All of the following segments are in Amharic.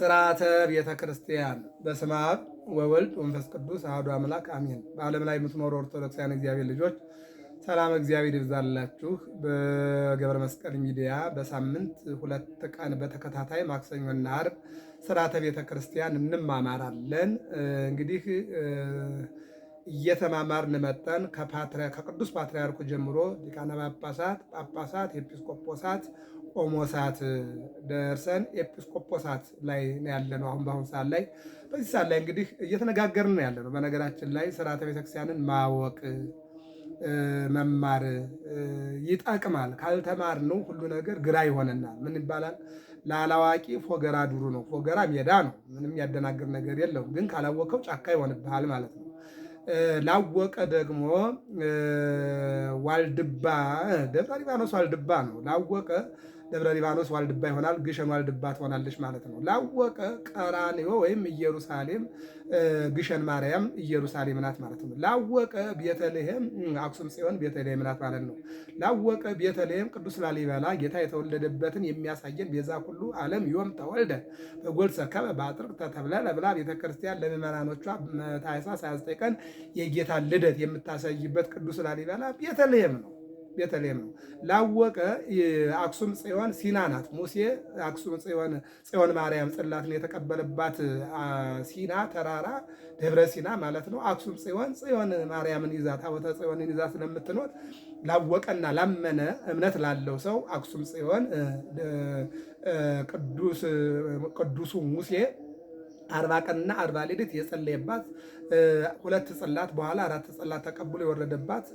ስርዓተ ቤተ ክርስቲያን። በስመ አብ ወወልድ ወመንፈስ ቅዱስ አሐዱ አምላክ አሜን። በዓለም ላይ የምትኖሩ ኦርቶዶክሳውያን እግዚአብሔር ልጆች ሰላም እግዚአብሔር ይብዛላችሁ። በገብረ መስቀል ሚዲያ በሳምንት ሁለት ቀን በተከታታይ ማክሰኞና ዓርብ ስርዓተ ቤተ ክርስቲያን እንማማራለን። እንግዲህ እየተማማርን መጠን ከቅዱስ ፓትርያርኩ ጀምሮ ሊቃነ ጳጳሳት፣ ጳጳሳት፣ ኤጲስቆጶሳት ቆሞሳት ደርሰን ኤጲስቆጶሳት ላይ ያለ ነው። አሁን በአሁን ሰዓት ላይ በዚህ ሰዓት ላይ እንግዲህ እየተነጋገርን ነው ያለ ነው። በነገራችን ላይ ስርዓተ ቤተክርስቲያንን ማወቅ መማር ይጠቅማል። ካልተማርነው ሁሉ ነገር ግራ ይሆነናል። ምን ይባላል? ላላዋቂ ፎገራ ዱሩ ነው። ፎገራ ሜዳ ነው። ምንም ያደናግር ነገር የለውም። ግን ካላወቀው ጫካ ይሆንብሃል ማለት ነው። ላወቀ ደግሞ ዋልድባ ደብረ ሊባኖስ ዋልድባ ነው። ላወቀ ደብረ ሊባኖስ ዋልድባ ይሆናል፣ ግሸን ዋልድባ ትሆናለች ማለት ነው። ላወቀ ቀራንዮ ወይም ኢየሩሳሌም ግሸን ማርያም ኢየሩሳሌም ናት ማለት ነው። ላወቀ ቤተልሔም አክሱም ጽዮን ቤተልሔም ናት ማለት ነው። ላወቀ ቤተልሔም ቅዱስ ላሊበላ ጌታ የተወለደበትን የሚያሳየን ቤዛ ሁሉ ዓለም ዮም ተወልደ በጎልሰ ከበ በአጥር ተተብለ ለብላ ቤተክርስቲያን ለምዕመናኖቿ ታኅሳስ 29 ቀን የጌታ ልደት የምታሳይበት ቅዱስ ላሊበላ ቤተልሔም ነው። ቤተልሔም ነው። ላወቀ አክሱም ጽዮን ሲና ናት። ሙሴ አክሱም ጽዮን ጽዮን ማርያም ጽላትን የተቀበለባት ሲና ተራራ ደብረ ሲና ማለት ነው። አክሱም ጽዮን ጽዮን ማርያምን ይዛ ታቦተ ጽዮንን ይዛ ስለምትኖር ላወቀና ላመነ እምነት ላለው ሰው አክሱም ጽዮን ቅዱሱ ሙሴ አርባ ቀንና አርባ ሌሊት የጸለየባት ሁለት ጽላት በኋላ አራት ጽላት ተቀብሎ የወረደባት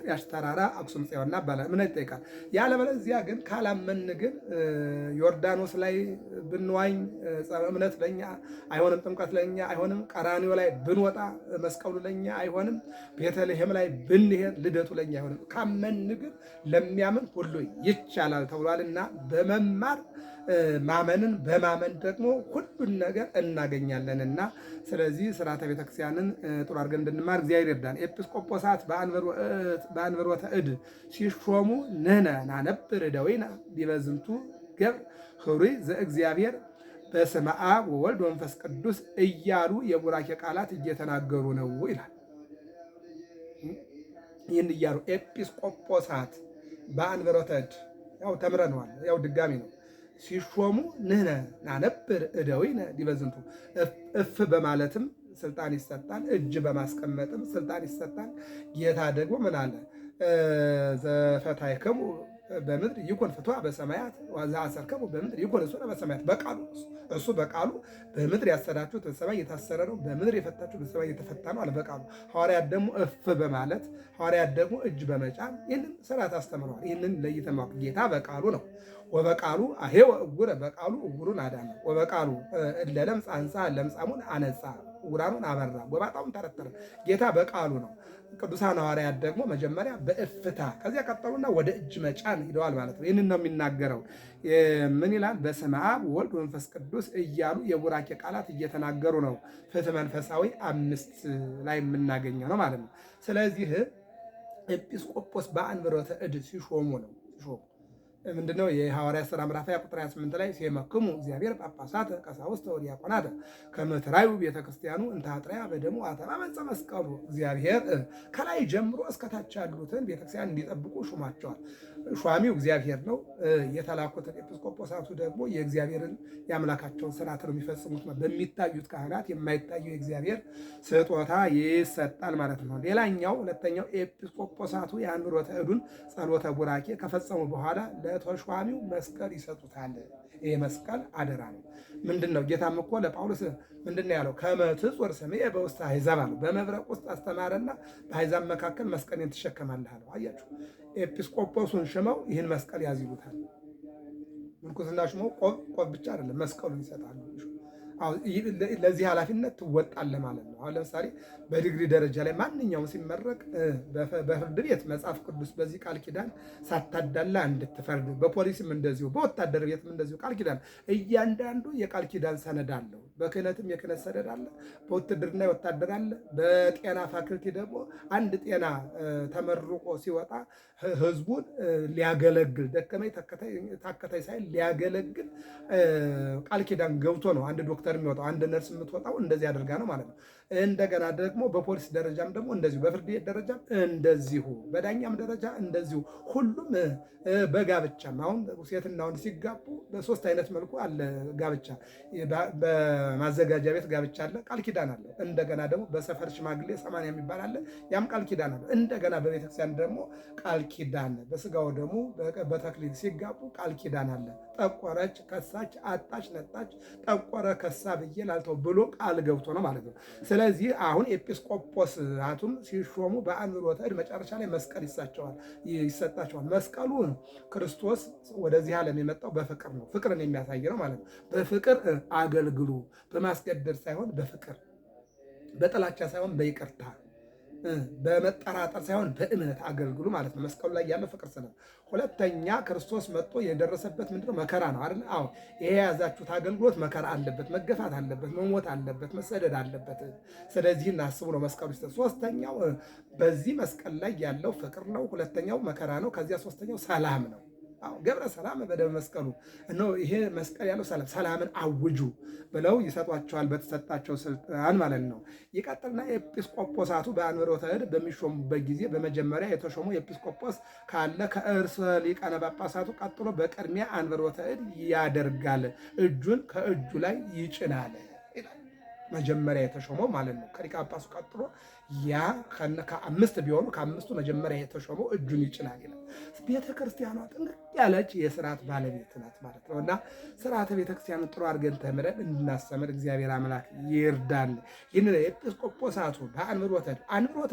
ጥያሽ ተራራ አክሱም ጽዮንና ባላ ምን ይጠይቃል። ያለበለዚያ ግን ካላመን ግን ዮርዳኖስ ላይ ብንዋኝ እምነት ለኛ አይሆንም፣ ጥምቀት ለኛ አይሆንም፣ ቀራኒዮ ላይ ብንወጣ መስቀሉ ለኛ አይሆንም፣ ቤተልሔም ላይ ብንሄድ ልደቱ ለኛ አይሆንም። ካመን ግን ለሚያምን ሁሉ ይቻላል ተብሏልና በመማር ማመንን በማመን ደግሞ ሁሉን ነገር እናገኛለንና፣ ስለዚህ ስርዓተ ቤተክርስቲያንን ጥሩ አድርገን እንድንማር እግዚአብሔር ይርዳን። ኤጲስቆጶሳት በአንብሮተ እድ ሲሾሙ ንሕነ ናነብር እደዊነ ዲበ ዝንቱ ገብር ኅሩይ ዘእግዚአብሔር በስመ አብ ወወልድ ወመንፈስ ቅዱስ እያሉ የቡራኬ ቃላት እየተናገሩ ነው ይላል። ይህን እያሉ ኤጲስቆጶሳት በአንብሮተ እድ ያው ተምረነዋል። ያው ድጋሚ ነው ሲሾሙ ንሕነ ናነብር እደዊነ ዲበዝንቱ እፍ በማለትም ስልጣን ይሰጣል። እጅ በማስቀመጥም ስልጣን ይሰጣል። ጌታ ደግሞ ምን አለ? ዘፈታይከሙ በምድር ይኮን ፍትዋ በሰማያት ዘአሰርከሙ በምድር ይኮን እሱ በሰማያት በቃሉ እሱ በቃሉ በምድር ያሰራችሁት በሰማይ እየታሰረ ነው፣ በምድር የፈታችሁ በሰማይ እየተፈታ ነው አለ በቃሉ። ሐዋርያት ደግሞ እፍ በማለት ሐዋርያት ደግሞ እጅ በመጫን ይህንን ስርዓት አስተምረዋል። ይህንን ለይተማ ጌታ በቃሉ ነው ወበቃሉ አሄ እውረ በቃሉ እውሩን አዳነ ወበቃሉ እለለምፅ አንሳ ለምጻሙን አነጻ ውራኑን አበራ ወባጣውን ተረተረ። ጌታ በቃሉ ነው። ቅዱሳን ሐዋርያት ደግሞ መጀመሪያ በእፍታ ከዚያ ቀጠሉና ወደ እጅ መጫን ሂደዋል ማለት ነው። ይህንን ነው የሚናገረው። ምን ይላል? በስመ አብ ወልድ መንፈስ ቅዱስ እያሉ የቡራኬ ቃላት እየተናገሩ ነው። ፍትሕ መንፈሳዊ አምስት ላይ የምናገኘው ነው ማለት ነው። ስለዚህ ኤጲስቆጶስ በአንብሮተ እድ ሲሾሙ ነው ሲሾሙ ምንድነው የሐዋርያት ሥራ ምዕራፍ ቁጥር 28 ላይ ሲመክሙ እግዚአብሔር ጳጳሳት ቀሳውስተ ወዲያቆናተ ከመትራዩ ቤተክርስቲያኑ እንታጥሪያ በደሙ አተባ በዕፀ መስቀሉ እግዚአብሔር ከላይ ጀምሮ እስከታች ያሉትን ቤተክርስቲያን እንዲጠብቁ ሹማቸዋል። ሿሚው እግዚአብሔር ነው። የተላኩትን ኤጲስቆጶሳቱ ደግሞ የእግዚአብሔርን የአምላካቸውን ስርዓት ነው የሚፈጽሙት ነው። በሚታዩት ካህናት የማይታዩ የእግዚአብሔር ስጦታ ይሰጣል ማለት ነው። ሌላኛው ሁለተኛው ኤጲስቆጶሳቱ የአንሮተ እዱን ጸሎተ ቡራኬ ከፈጸሙ በኋላ ለተሿሚው መስቀል ይሰጡታል። ይሄ መስቀል አደራ ነው። ምንድን ነው? ጌታም እኮ ለጳውሎስ ምንድን ነው ያለው? ከመትጾር ስሜ በውስጥ አይዛብ አለው። በመብረቅ ውስጥ አስተማረና በአይዛብ መካከል መስቀሌን ትሸከማለህ አለው። አያችሁ ኤጲስቆጶሱን ሽመው ይህን መስቀል ያዝ ይሉታል። ምንኩስና ሽመው ቆብ ቆብ ብቻ አይደለም መስቀሉን ይሰጣሉ። ለዚህ ኃላፊነት ትወጣለህ ማለት ነው። አሁን ለምሳሌ በዲግሪ ደረጃ ላይ ማንኛውም ሲመረቅ በፍርድ ቤት መጽሐፍ ቅዱስ በዚህ ቃል ኪዳን ሳታዳላ እንድትፈርድ፣ በፖሊስም እንደዚሁ፣ በወታደር ቤትም እንደዚሁ ቃል ኪዳን እያንዳንዱ የቃል ኪዳን ሰነድ አለው። በክህነትም የክህነት ሰደድ አለ፣ በውትድርና ወታደር አለ። በጤና ፋክልቲ ደግሞ አንድ ጤና ተመርቆ ሲወጣ ህዝቡን ሊያገለግል ደከመኝ ታከታይ ሳይል ሊያገለግል ቃል ኪዳን ገብቶ ነው አንድ ዶክተር የሚወጣው፣ አንድ ነርስ የምትወጣው እንደዚህ አድርጋ ነው ማለት ነው። እንደገና ደግሞ በፖሊስ ደረጃም ደግሞ እንደዚሁ በፍርድ ቤት ደረጃም እንደዚሁ በዳኛም ደረጃ እንደዚሁ ሁሉም በጋብቻም አሁን ሴትና ወንድ ሲጋቡ በሶስት አይነት መልኩ አለ ጋብቻ። በማዘጋጃ ቤት ጋብቻ አለ፣ ቃል ኪዳን አለ። እንደገና ደግሞ በሰፈር ሽማግሌ ሰማንያ የሚባል አለ፣ ያም ቃል ኪዳን አለ። እንደገና በቤተክርስቲያን ደግሞ ቃል ኪዳን በስጋው ደግሞ በተክሊል ሲጋቡ ቃል ኪዳን አለ። ጠቆረች፣ ከሳች፣ አጣች፣ ነጣች፣ ጠቆረ፣ ከሳ ብዬ ላልተው ብሎ ቃል ገብቶ ነው ማለት ነው። ስለዚህ አሁን ኤጲስቆጶሳቱም ሲሾሙ በአንብሮተ እድ መጨረሻ ላይ መስቀል ይሰጣቸዋል። መስቀሉ ክርስቶስ ወደዚህ ዓለም የመጣው በፍቅር ነው። ፍቅርን የሚያሳይ ነው ማለት ነው። በፍቅር አገልግሉ፣ በማስገደድ ሳይሆን በፍቅር በጥላቻ ሳይሆን በይቅርታ በመጠራጠር ሳይሆን በእምነት አገልግሉ ማለት ነው። መስቀሉ ላይ ያለው ፍቅር ስለ ሁለተኛ ክርስቶስ መጥቶ የደረሰበት ምንድነው? መከራ ነው አይደል? አዎ ይሄ የያዛችሁት አገልግሎት መከራ አለበት፣ መገፋት አለበት፣ መሞት አለበት፣ መሰደድ አለበት። ስለዚህ እናስቡ ነው መስቀሉ ሶስተኛው በዚህ መስቀል ላይ ያለው ፍቅር ነው። ሁለተኛው መከራ ነው። ከዚያ ሶስተኛው ሰላም ነው። ገብረ ሰላም በደብ መስቀሉ እነሆ ይሄ መስቀል ያለው ሰላም ሰላምን አውጁ ብለው ይሰጧቸዋል፣ በተሰጣቸው ስልጣን ማለት ነው። ይቀጥልና ኤጲስቆጶሳቱ በአንብሮተ እድ በሚሾሙበት ጊዜ በመጀመሪያ የተሾሙ ኤጲስቆጶስ ካለ ከእርስ ሊቀነ ጳጳሳቱ ቀጥሎ በቅድሚያ አንብሮተ እድ ያደርጋል፣ እጁን ከእጁ ላይ ይጭናል። መጀመሪያ የተሾመው ማለት ነው። ከሊቀ ጳጳሱ ቀጥሎ ያ ከአምስት ቢሆኑ ከአምስቱ መጀመሪያ የተሾመው እጁን ይጭናል ይላል። ቤተ ክርስቲያኗ ጥንቅቅ ያለች የስርዓት ባለቤት ናት ማለት ነው። እና ስርዓተ ቤተክርስቲያን ጥሩ አድርገን ተምረን እንድናስተምር እግዚአብሔር አምላክ ይርዳል። ይህን ኤጲስቆጶሳቱ በአንብሮተ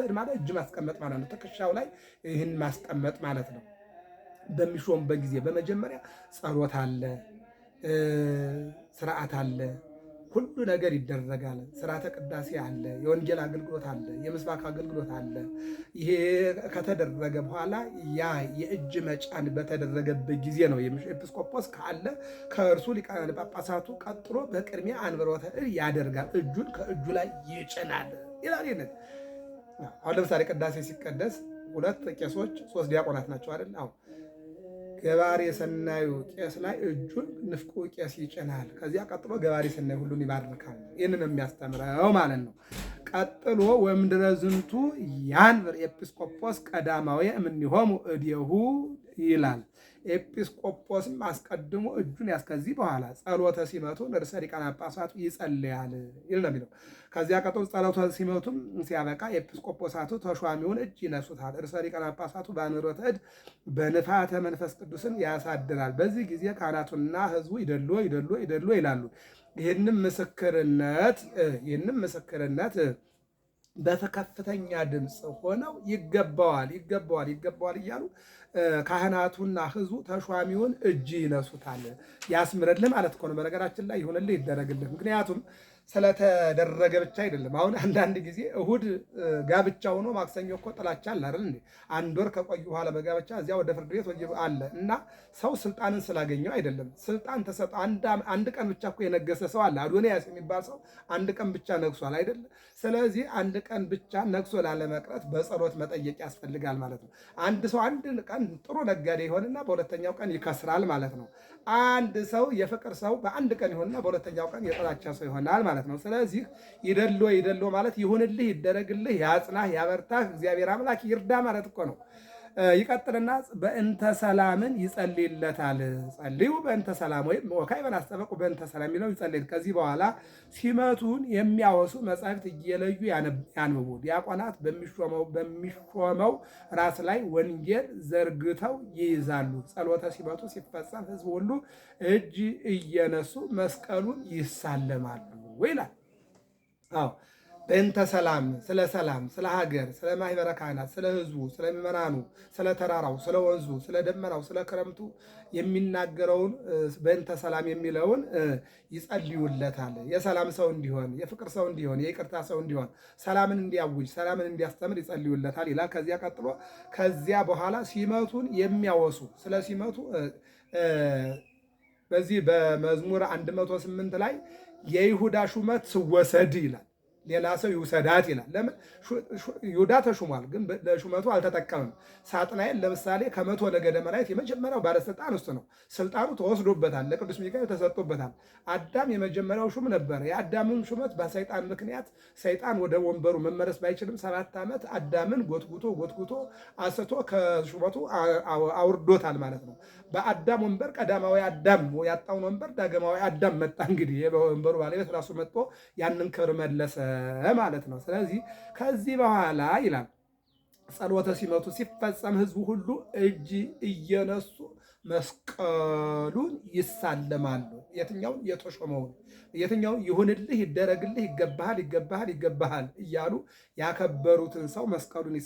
እድ ማለት እጅ ማስቀመጥ ማለት ነው። ትከሻው ላይ ይህን ማስቀመጥ ማለት ነው። በሚሾምበት ጊዜ በመጀመሪያ ጸሎት አለ፣ ስርዓት አለ ሁሉ ነገር ይደረጋል። ስርዓተ ቅዳሴ አለ፣ የወንጌል አገልግሎት አለ፣ የምስባክ አገልግሎት አለ። ይሄ ከተደረገ በኋላ ያ የእጅ መጫን በተደረገበት ጊዜ ነው ኤጲስቆጶስ ካለ ከእርሱ ሊቃነ ጳጳሳቱ ቀጥሎ በቅድሚያ አንብሮተ እድ ያደርጋል። እጁን ከእጁ ላይ ይጭናል ይላል። አሁን ለምሳሌ ቅዳሴ ሲቀደስ ሁለት ቄሶች ሶስት ዲያቆናት ናቸው አይደል? አሁን ገባሬ የሰናዩ ቄስ ላይ እጁን ንፍቁ ቄስ ይጭናል። ከዚያ ቀጥሎ ገባሬ የሰናዩ ሁሉን ይባርካል። ይህንን የሚያስተምረው ማለት ነው። ቀጥሎ ወምድረ ዝንቱ ያንብር ኤጲስቆጶስ ቀዳማዊ እምኒሆሙ እዴሁ ይላል። ኤጲስቆጶስም አስቀድሞ እጁን ያስከዚህ በኋላ ጸሎተ ሲመቱ ርዕሰ ሊቃነ ጳጳሳቱ ይጸልያል ይል ነው የሚለው። ከዚያ ቀጥሎ ጸሎተ ሲመቱም ሲያበቃ ኤጲስቆጶሳቱ ተሿሚውን እጅ ይነሱታል። ርዕሰ ሊቃነ ጳጳሳቱ በአንሮተ እድ በንፋተ መንፈስ ቅዱስን ያሳድራል። በዚህ ጊዜ ካህናቱና ህዝቡ ይደሎ ይደሎ ይደሎ ይላሉ። ይህንም ምስክርነት ይህንም ምስክርነት በከፍተኛ ድምፅ ሆነው ይገባዋል ይገባዋል ይገባዋል እያሉ ካህናቱና ሕዝቡ ተሿሚውን እጅ ይነሱታል። ያስምረልን ማለት እኮ ነው። በነገራችን ላይ ይሁንልህ፣ ይደረግልህ። ምክንያቱም ስለተደረገ ብቻ አይደለም። አሁን አንዳንድ ጊዜ እሁድ ጋብቻ ሆኖ ማክሰኞ እኮ ጥላቻ አለ አይደል እንዴ? አንድ ወር ከቆዩ በኋላ በጋብቻ እዚያ ወደ ፍርድ ቤት ወጅብ አለ እና ሰው ስልጣንን ስላገኘው አይደለም። ስልጣን ተሰጠ። አንድ ቀን ብቻ እኮ የነገሰ ሰው አለ። አዶንያስ የሚባል ሰው አንድ ቀን ብቻ ነግሷል አይደለም። ስለዚህ አንድ ቀን ብቻ ነግሶ ላለመቅረት በጸሎት መጠየቅ ያስፈልጋል ማለት ነው። አንድ ሰው አንድ ቀን ጥሩ ነጋዴ ይሆንና በሁለተኛው ቀን ይከስራል ማለት ነው። አንድ ሰው የፍቅር ሰው በአንድ ቀን ይሆንና በሁለተኛው ቀን የጥላቻ ሰው ይሆናል ማለት ነው። ስለዚህ ይደሎ ይደሎ ማለት ይሁንልህ፣ ይደረግልህ፣ ያጽናህ፣ ያበርታህ፣ እግዚአብሔር አምላክ ይርዳ ማለት እኮ ነው። ይቀጥልና በእንተ ሰላምን ይጸልይለታል። ጸልዩ በእንተ ሰላም ወይም ወካይ በላስጠበቁ በእንተ ሰላም የሚለው ይጸልይል። ከዚህ በኋላ ሲመቱን የሚያወሱ መጻሕፍት እየለዩ ያንብቡ። ዲያቆናት በሚሾመው ራስ ላይ ወንጌል ዘርግተው ይይዛሉ። ጸሎተ ሲመቱ ሲፈጸም ሕዝብ ሁሉ እጅ እየነሱ መስቀሉን ይሳለማሉ ይላል። አዎ በእንተ ሰላም ስለ ሰላም፣ ስለ ሀገር፣ ስለ ማህበረ ካህናት፣ ስለ ህዝቡ፣ ስለ ምዕመናኑ፣ ስለ ተራራው፣ ስለ ወንዙ፣ ስለ ደመናው፣ ስለ ክረምቱ የሚናገረውን በእንተ ሰላም የሚለውን ይጸልዩለታል። የሰላም ሰው እንዲሆን፣ የፍቅር ሰው እንዲሆን፣ የይቅርታ ሰው እንዲሆን፣ ሰላምን እንዲያውጅ፣ ሰላምን እንዲያስተምር ይጸልዩለታል ይላል። ከዚያ ቀጥሎ ከዚያ በኋላ ሲመቱን የሚያወሱ ስለ ሲመቱ በዚህ በመዝሙር 108 ላይ የይሁዳ ሹመት ስወሰድ ይላል። ሌላ ሰው ይውሰዳት ይላል። ለምን ይሁዳ ተሹሟል፣ ግን ለሹመቱ አልተጠቀምም። ሳጥናኤል ለምሳሌ ከመቶ ለገደመ የመጀመሪያው ባለስልጣን ውስጥ ነው። ስልጣኑ ተወስዶበታል፣ ለቅዱስ ሚካኤል ተሰጥቶበታል። አዳም የመጀመሪያው ሹም ነበረ። የአዳምም ሹመት በሰይጣን ምክንያት ሰይጣን ወደ ወንበሩ መመለስ ባይችልም ሰባት ዓመት አዳምን ጎትጉቶ ጎትጉቶ አስቶ ከሹመቱ አውርዶታል ማለት ነው። በአዳም ወንበር ቀዳማዊ አዳም ያጣውን ወንበር ዳግማዊ አዳም መጣ። እንግዲህ የወንበሩ ባለቤት ራሱ መጥቶ ያንን ክብር መለሰ ማለት ነው። ስለዚህ ከዚህ በኋላ ይላል ጸሎተ ሲመቱ ሲፈጸም ህዝቡ ሁሉ እጅ እየነሱ መስቀሉን ይሳለማሉ። የትኛውን የተሾመውን የትኛውን ይሁንልህ፣ ይደረግልህ፣ ይገባሃል፣ ይገባሃል፣ ይገባሃል እያሉ ያከበሩትን ሰው መስቀሉን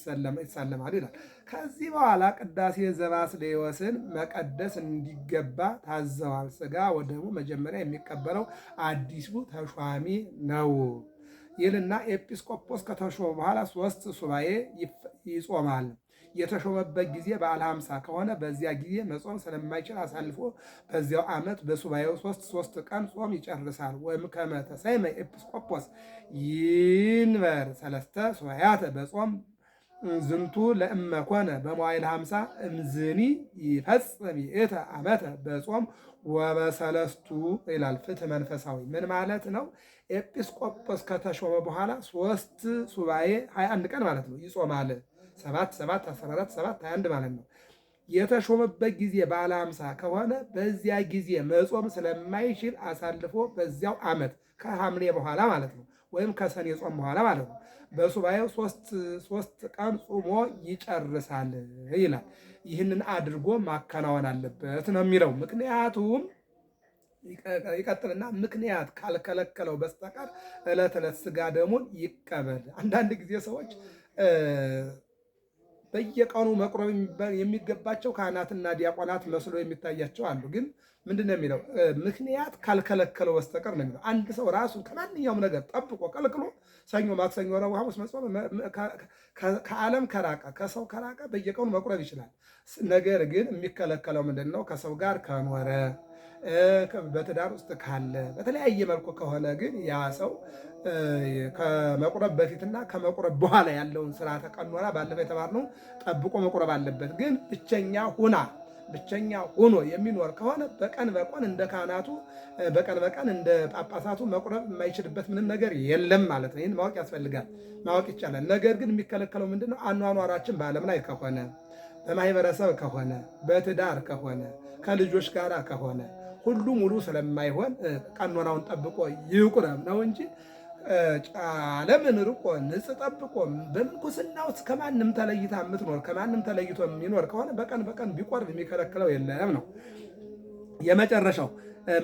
ይሳለማሉ ይላል። ከዚህ በኋላ ቅዳሴ ዘባስልዮስን መቀደስ እንዲገባ ታዘዋል። ስጋ ወደሙ መጀመሪያ የሚቀበለው አዲሱ ተሿሚ ነው። ይልና ኤጲስቆጶስ ከተሾመ በኋላ ሶስት ሱባኤ ይጾማል። የተሾመበት ጊዜ በዓለ ሃምሳ ከሆነ በዚያ ጊዜ መጾም ስለማይችል አሳልፎ በዚያው ዓመት በሱባኤው ሶስት ሶስት ቀን ጾም ይጨርሳል። ወይም ከመተሰይመ ኤጲስቆጶስ ይንበር ሰለስተ ሱባኤያተ በጾም ዝንቱ ለእመ ኮነ በመዋዕል ሃምሳ እምዝኒ ይፈጽም ይእተ ዓመተ በጾም ወበሰለስቱ ይላል ፍትህ መንፈሳዊ ምን ማለት ነው? ኤጲስቆጶስ ከተሾመ በኋላ ሶስት ሱባኤ 21 ቀን ማለት ነው ይጾማል። 7 7 14 7 21 ማለት ነው። የተሾመበት ጊዜ ባለ 50 ከሆነ በዚያ ጊዜ መጾም ስለማይችል አሳልፎ በዚያው ዓመት ከሐምሌ በኋላ ማለት ነው ወይም ከሰኔ ጾም በኋላ ማለት ነው በሱባኤው ሶስት ቀን ጾሞ ይጨርሳል ይላል። ይህንን አድርጎ ማከናወን አለበት ነው የሚለው። ምክንያቱም ይቀጥልና ምክንያት ካልከለከለው በስተቀር ዕለት ዕለት ስጋ ደሙን ይቀበል። አንዳንድ ጊዜ ሰዎች በየቀኑ መቁረብ የሚገባቸው ካህናትና ዲያቆናት መስሎ የሚታያቸው አሉ። ግን ምንድን ነው የሚለው? ምክንያት ካልከለከለው በስተቀር ነው የሚለው። አንድ ሰው ራሱን ከማንኛውም ነገር ጠብቆ ከልክሎ ሰኞ፣ ማክሰኞ፣ ረቡዕ፣ ሐሙስ መጾም ከዓለም ከራቀ ከሰው ከራቀ በየቀኑ መቁረብ ይችላል። ነገር ግን የሚከለከለው ምንድን ነው? ከሰው ጋር ከኖረ በትዳር ውስጥ ካለ በተለያየ መልኩ ከሆነ ግን ያ ሰው ከመቁረብ በፊትና ከመቁረብ በኋላ ያለውን ስራ ቀኖና ባለፈው የተባልነው ጠብቆ መቁረብ አለበት። ግን ብቸኛ ሁና ብቸኛ ሆኖ የሚኖር ከሆነ በቀን በቀን እንደ ካህናቱ በቀን በቀን እንደ ጳጳሳቱ መቁረብ የማይችልበት ምንም ነገር የለም ማለት ነው። ይህን ማወቅ ያስፈልጋል፣ ማወቅ ይቻላል። ነገር ግን የሚከለከለው ምንድን ነው? አኗኗራችን በዓለም ላይ ከሆነ፣ በማህበረሰብ ከሆነ፣ በትዳር ከሆነ፣ ከልጆች ጋር ከሆነ ሁሉ ሙሉ ስለማይሆን ቀኖናውን ጠብቆ ይቁረም ነው እንጂ ዓለምን ርቆ ንጽ ጠብቆ በምንኩስና ውስጥ ከማንም ተለይታ የምትኖር ከማንም ተለይቶ የሚኖር ከሆነ በቀን በቀን ቢቆርብ የሚከለክለው የለም ነው። የመጨረሻው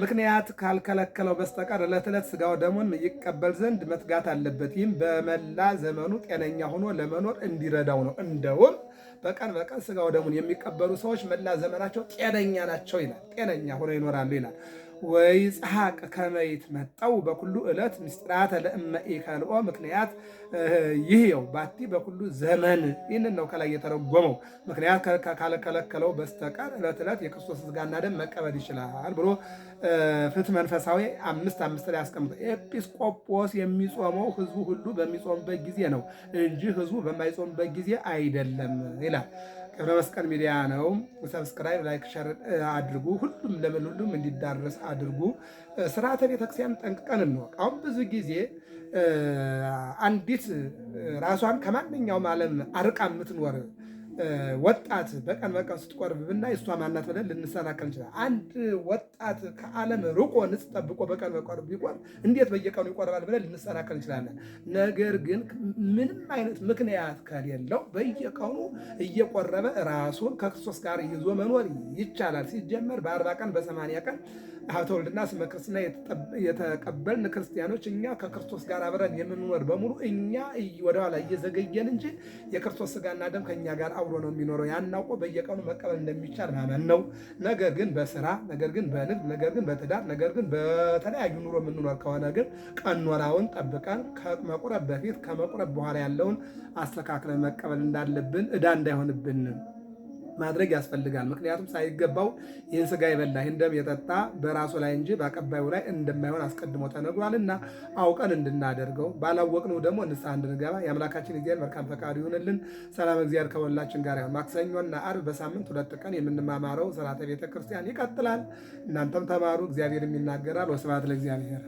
ምክንያት ካልከለከለው በስተቀር ዕለት ዕለት ስጋው ደሙን ይቀበል ዘንድ መትጋት አለበት። ይህም በመላ ዘመኑ ጤነኛ ሆኖ ለመኖር እንዲረዳው ነው። እንደውም በቀን በቀን ስጋው ደሙን የሚቀበሉ ሰዎች መላ ዘመናቸው ጤነኛ ናቸው ይላል። ጤነኛ ሆነው ይኖራሉ ይላል። ወይ ወይጽሐቅ ከመይት መጠው በኩሉ ዕለት ምስጢራተ ለእመ ኢከልኦ ምክንያት ይህ ባቲ በኩሉ ዘመን ይህንን ነው ከላይ የተረጎመው። ምክንያት ካልከለከለው በስተቀር ዕለት ዕለት የክርስቶስ ስጋና ደም መቀበል ይችላል ብሎ ፍትሕ መንፈሳዊ አምስት አምስት ላይ አስቀምጠ። ኤጲስቆጶስ የሚጾመው ህዝቡ ሁሉ በሚጾምበት ጊዜ ነው እንጂ ህዝቡ በማይጾምበት ጊዜ አይደለም ይላል። ህብረ መስቀል ሚዲያ ነው። ሰብስክራይብ፣ ላይክ፣ ሸር አድርጉ። ሁሉም ለምን ሁሉም እንዲዳረስ አድርጉ። ስርዓተ ቤተክርስቲያን ጠንቅቀን እንወቅ። አሁን ብዙ ጊዜ አንዲት ራሷን ከማንኛውም ዓለም አርቃ የምትኖር ወጣት በቀን በቀን ስትቆርብ ብናይ እሷ ማናት ብለን ልንሰናከል እንችላለን። አንድ ወጣት ከዓለም ርቆ ንጽ ጠብቆ በቀን በቀን ቢቆርብ እንዴት በየቀኑ ይቆርባል ብለን ልንሰናከል እንችላለን። ነገር ግን ምንም አይነት ምክንያት ከሌለው በየቀኑ እየቆረበ ራሱን ከክርስቶስ ጋር ይዞ መኖር ይቻላል። ሲጀመር በአርባ ቀን በሰማንያ ቀን ሀብተወልድና ወልድና ስመ ክርስትና የተቀበልን ክርስቲያኖች እኛ ከክርስቶስ ጋር አብረን የምንኖር በሙሉ እኛ ወደኋላ እየዘገየን እንጂ የክርስቶስ ስጋና ደም ከእኛ ጋር አብሮ ነው የሚኖረው። ያናውቆ በየቀኑ መቀበል እንደሚቻል ማመን ነው። ነገር ግን በስራ ነገር ግን በንግድ ነገር ግን በትዳር ነገር ግን በተለያዩ ኑሮ የምንኖር ከሆነ ግን ቀኖራውን ጠብቀን ከመቁረብ በፊት ከመቁረብ በኋላ ያለውን አስተካክለን መቀበል እንዳለብን እዳ እንዳይሆንብን ማድረግ ያስፈልጋል። ምክንያቱም ሳይገባው ይህን ስጋ የበላ ይህን ደም የጠጣ በራሱ ላይ እንጂ በቀባዩ ላይ እንደማይሆን አስቀድሞ ተነግሯልና አውቀን እንድናደርገው ባላወቅነው ደግሞ ንስሐ እንድንገባ የአምላካችን እግዚአብሔር መልካም ፈቃዱ ይሁንልን። ሰላም እግዚአብሔር ከሁላችን ጋር ይሁን። ማክሰኞና አርብ በሳምንት ሁለት ቀን የምንማማረው ስርዓተ ቤተክርስቲያን ይቀጥላል። እናንተም ተማሩ። እግዚአብሔር የሚናገራል። ወስብሐት ለእግዚአብሔር።